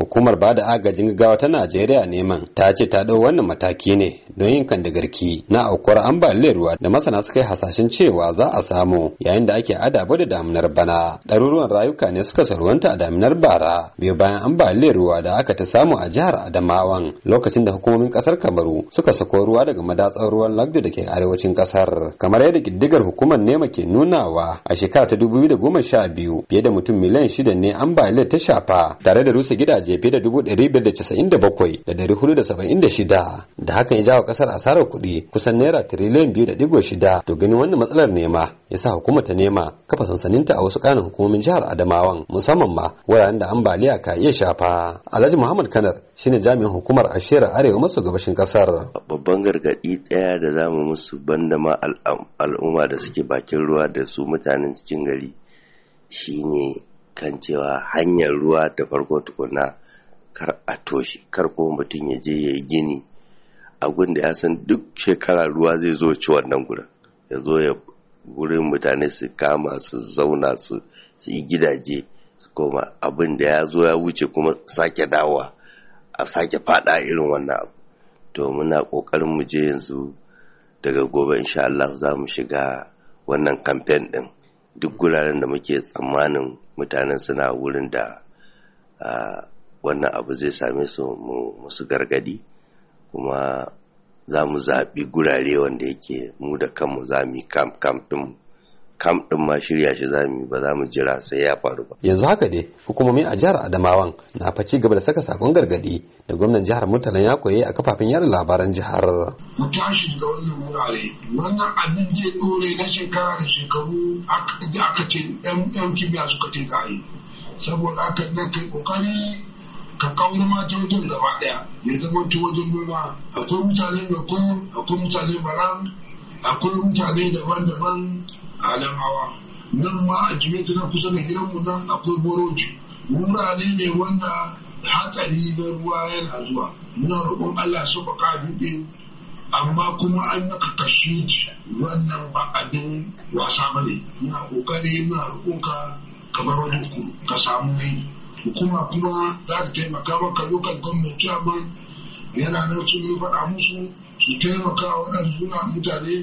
hukumar ba da agajin gaggawa ta najeriya neman ta ce ta ɗau wannan mataki ne don yin kandagarki na aukuwar ambaliyar ruwa da masana suka yi hasashen cewa za a samu yayin da ake adabo da daminar bana ɗaruruwan rayuka ne suka sarwanta a daminar bara biyu bayan ambaliyar ruwa da aka ta samu a jihar adamawan lokacin da hukumomin ƙasar kamaru suka sako ruwa daga madatsar ruwan lagdo da ke arewacin ƙasar kamar yadda kiddigar hukumar nema ke nunawa a shekara ta biyu fiye da mutum miliyan shida ne ambaliyar ta shafa tare da rusa gidaje gidaje fiye da dubu ɗari biyar da casa'in da bakwai da ɗari hudu da saba'in da shida da hakan ya jawo kasar asarar kuɗi kusan naira tiriliyan biyu da digo shida to ganin wannan matsalar nema ya sa hukuma ta nema kafa sansaninta a wasu kanin hukumomin jihar Adamawan musamman ma wuraren da ambaliya ka iya shafa Alhaji Muhammad Kanar shine jami'in hukumar Ashera Arewa maso gabashin ƙasar babban gargaɗi ɗaya da zamu musu banda ma al'umma da suke bakin ruwa da su mutanen cikin gari shine kan cewa hanyar ruwa da farko tukuna kar a toshi kar ko mutum ya je ya yi gini a da ya san duk shekara ruwa zai zo ci wannan gurin ya zo ya gurin mutane su kama su zauna su yi gidaje su koma abin da ya zo ya wuce kuma sake dawa a sake fada irin wannan abu to muna kokarin muje yanzu daga gobe insha Allah za mu shiga wannan kamfen din duk guraren da muke tsammanin mutanen suna wurin da wannan abu zai same su musu gargadi kuma za mu zaɓi gurare wanda yake mu da kanmu za mu yi kam kam kam din ma shirya shi za ba za mu jira sai ya faru ba yanzu haka dai hukumomi a jihar Adamawan na faci gaba da saka sakon gargadi da gwamnan jihar Murtala ya koyi a kafafen yada labaran jihar mu tashi da wannan wurare wannan abin zai dore na shekara da shekaru aka ce yan kimiyya suka ce tare saboda aka nan kai kokari ka kawar ma ta wajen gaba daya ya zama ta wajen noma akwai mutane da akwai mutane akwai mutane daban-daban alam hawa nan ma a jimeta na kusa da gidanmu nan akwai boroji wurare ne wanda hatsari da ruwa yana zuwa muna roƙon Allah su baka duɗe amma kuma an maka kakashi wannan ba abin wasa ba ne muna ƙoƙari muna roƙon ka kamar wani ka samu mai hukuma kuma za ta taimaka maka local gwamnati amma yana nan sun faɗa musu su taimaka waɗansu suna mutane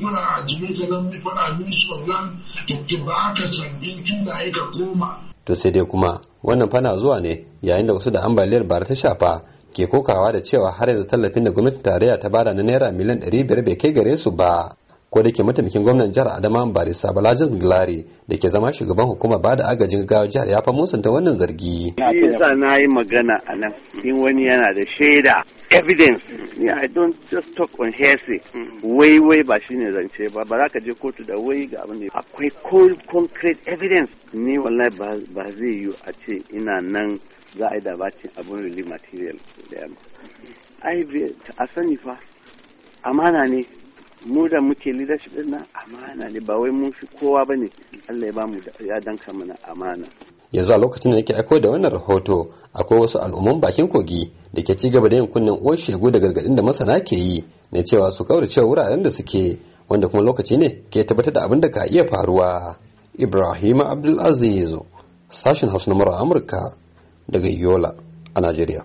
kuna a jibe ka zan faɗa ministry of da ta ba ka canji tun da aika koma. to sai dai kuma wannan fana zuwa ne yayin da wasu da ambaliyar bara ta shafa ke kokawa da cewa har yanzu tallafin da gwamnatin tarayya ta bada na naira miliyan ɗari biyar bai kai gare su ba ko da ke mataimakin gwamnan jihar adama barisa balajin gilari da ke zama shugaban hukumar ba da agajin gawa jihar ya fa musanta wannan zargi. yasa na yi magana a nan in wani yana da shaida evidence yeah, I don't just talk on hearsay mm. wai wai ba shine zance ba ba za ka je kotu da wai ga abin da akwai cold concrete evidence ni wallahi ba zai yi a ce ina nan za a yi da bacin abin relief material da yamma a sani fa amana ne mu da muke leadership din nan amana ne ba wai mun fi kowa bane Allah ya bamu ya danka mana amana yanzu a lokacin da nake aiko da wannan rahoto akwai wasu al'umman bakin kogi da ke ci gaba da yin kunnen shegu da gargadin da masana ke yi na cewa su kaurace wuraren da suke wanda kuma lokaci ne ke tabbatar da abin da ka iya faruwa ibrahim abdulaziz sashen hausa na amurka daga yola a najeriya